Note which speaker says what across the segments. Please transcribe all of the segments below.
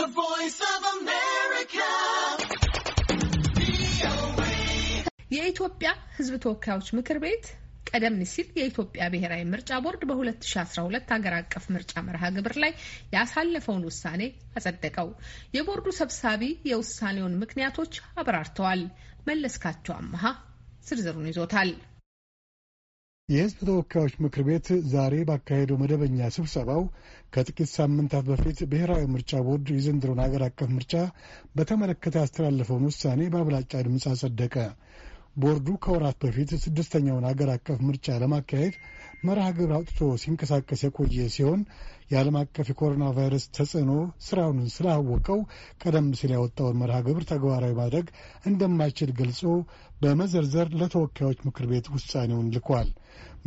Speaker 1: The voice of America. የኢትዮጵያ ሕዝብ ተወካዮች ምክር ቤት ቀደም ሲል የኢትዮጵያ ብሔራዊ ምርጫ ቦርድ በ2012 ሀገር አቀፍ ምርጫ መርሃ ግብር ላይ ያሳለፈውን ውሳኔ አጸደቀው። የቦርዱ ሰብሳቢ የውሳኔውን ምክንያቶች አብራርተዋል። መለስካቸው አመሃ ዝርዝሩን ይዞታል።
Speaker 2: የሕዝብ ተወካዮች ምክር ቤት ዛሬ ባካሄደው መደበኛ ስብሰባው ከጥቂት ሳምንታት በፊት ብሔራዊ ምርጫ ቦርድ የዘንድሮን አገር አቀፍ ምርጫ በተመለከተ ያስተላለፈውን ውሳኔ በአብላጫ ድምፅ አጸደቀ። ቦርዱ ከወራት በፊት ስድስተኛውን አገር አቀፍ ምርጫ ለማካሄድ መርሃ ግብር አውጥቶ ሲንቀሳቀስ የቆየ ሲሆን የዓለም አቀፍ የኮሮና ቫይረስ ተጽዕኖ ስራውን ስላወቀው ቀደም ሲል ያወጣውን መርሃ ግብር ተግባራዊ ማድረግ እንደማይችል ገልጾ በመዘርዘር ለተወካዮች ምክር ቤት ውሳኔውን ልኳል።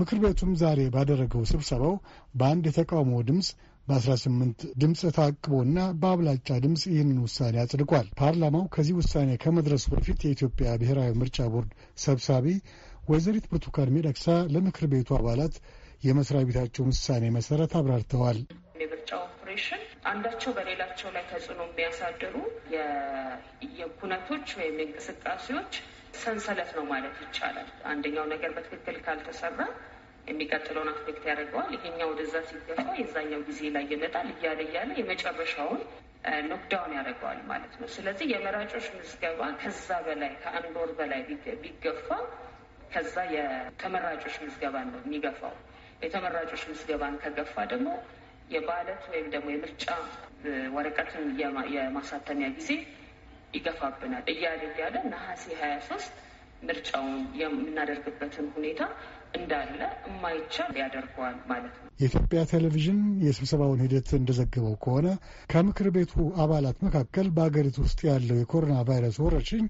Speaker 2: ምክር ቤቱም ዛሬ ባደረገው ስብሰባው በአንድ የተቃውሞ ድምፅ በ18 ድምፅ ታቅቦና በአብላጫ ድምፅ ይህንን ውሳኔ አጽድቋል። ፓርላማው ከዚህ ውሳኔ ከመድረሱ በፊት የኢትዮጵያ ብሔራዊ ምርጫ ቦርድ ሰብሳቢ ወይዘሪት ብርቱካን ሚደቅሳ ለምክር ቤቱ አባላት የመስሪያ ቤታቸውን ውሳኔ መሰረት አብራርተዋል።
Speaker 1: የምርጫ ኦፕሬሽን አንዳቸው በሌላቸው ላይ ተጽዕኖ የሚያሳድሩ የኩነቶች ወይም የእንቅስቃሴዎች ሰንሰለት ነው ማለት ይቻላል። አንደኛው ነገር በትክክል ካልተሰራ የሚቀጥለውን አፍክት ያደርገዋል። ይሄኛው ወደዛ ሲገፋ የዛኛው ጊዜ ላይ ይመጣል እያለ እያለ የመጨረሻውን ኖክዳውን ያደርገዋል ማለት ነው። ስለዚህ የመራጮች ምዝገባ ከዛ በላይ ከአንድ ወር በላይ ቢገፋ ከዛ የተመራጮች ምዝገባ ነው የሚገፋው። የተመራጮች ምዝገባን ከገፋ ደግሞ የባለት ወይም ደግሞ የምርጫ ወረቀትን የማሳተሚያ ጊዜ ይገፋብናል እያለ እያለ ነሐሴ ሀያ ሶስት ምርጫውን የምናደርግበትን ሁኔታ እንዳለ የማይቻል ያደርገዋል ማለት ነው።
Speaker 2: የኢትዮጵያ ቴሌቪዥን የስብሰባውን ሂደት እንደዘገበው ከሆነ ከምክር ቤቱ አባላት መካከል በአገሪቱ ውስጥ ያለው የኮሮና ቫይረስ ወረርሽኝ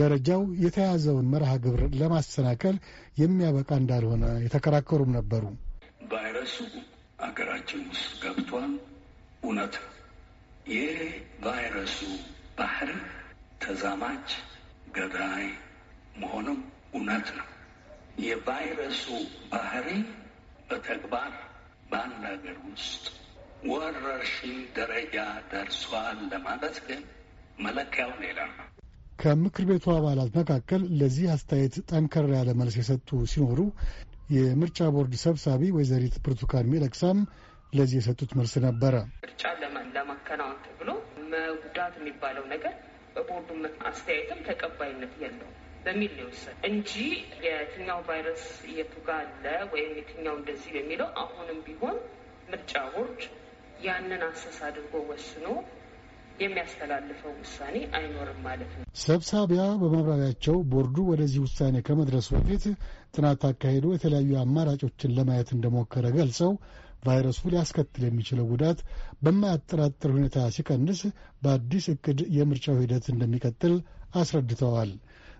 Speaker 2: ደረጃው የተያዘውን መርሃ ግብር ለማሰናከል የሚያበቃ እንዳልሆነ የተከራከሩም ነበሩ። ቫይረሱ አገራችን ውስጥ ገብቷል። እውነት ነው። ይህ ቫይረሱ ባህር ተዛማች ገዳይ
Speaker 1: መሆኑም እውነት ነው። የቫይረሱ ባህሪ በተግባር በአንድ ሀገር ውስጥ ወረርሽኝ ደረጃ ደርሷል ለማለት ግን መለኪያው
Speaker 2: ሌላ ነው። ከምክር ቤቱ አባላት መካከል ለዚህ አስተያየት ጠንከር ያለ መልስ የሰጡ ሲኖሩ የምርጫ ቦርድ ሰብሳቢ ወይዘሪት ብርቱካን ሚደቅሳም ለዚህ የሰጡት መልስ ነበረ።
Speaker 1: ምርጫ ለማከናወን ተብሎ መጉዳት የሚባለው ነገር በቦርዱ አስተያየትም ተቀባይነት የለውም። በሚል ነው እንጂ የትኛው ቫይረስ የቱ ጋር አለ ወይም የትኛው እንደዚህ በሚለው አሁንም ቢሆን ምርጫ ቦርድ ያንን አሰስ አድርጎ ወስኖ የሚያስተላልፈው ውሳኔ አይኖርም ማለት ነው።
Speaker 2: ሰብሳቢያ በማብራሪያቸው ቦርዱ ወደዚህ ውሳኔ ከመድረሱ በፊት ጥናት አካሄዶ የተለያዩ አማራጮችን ለማየት እንደሞከረ ገልጸው ቫይረሱ ሊያስከትል የሚችለው ጉዳት በማያጠራጥር ሁኔታ ሲቀንስ በአዲስ እቅድ የምርጫው ሂደት እንደሚቀጥል አስረድተዋል።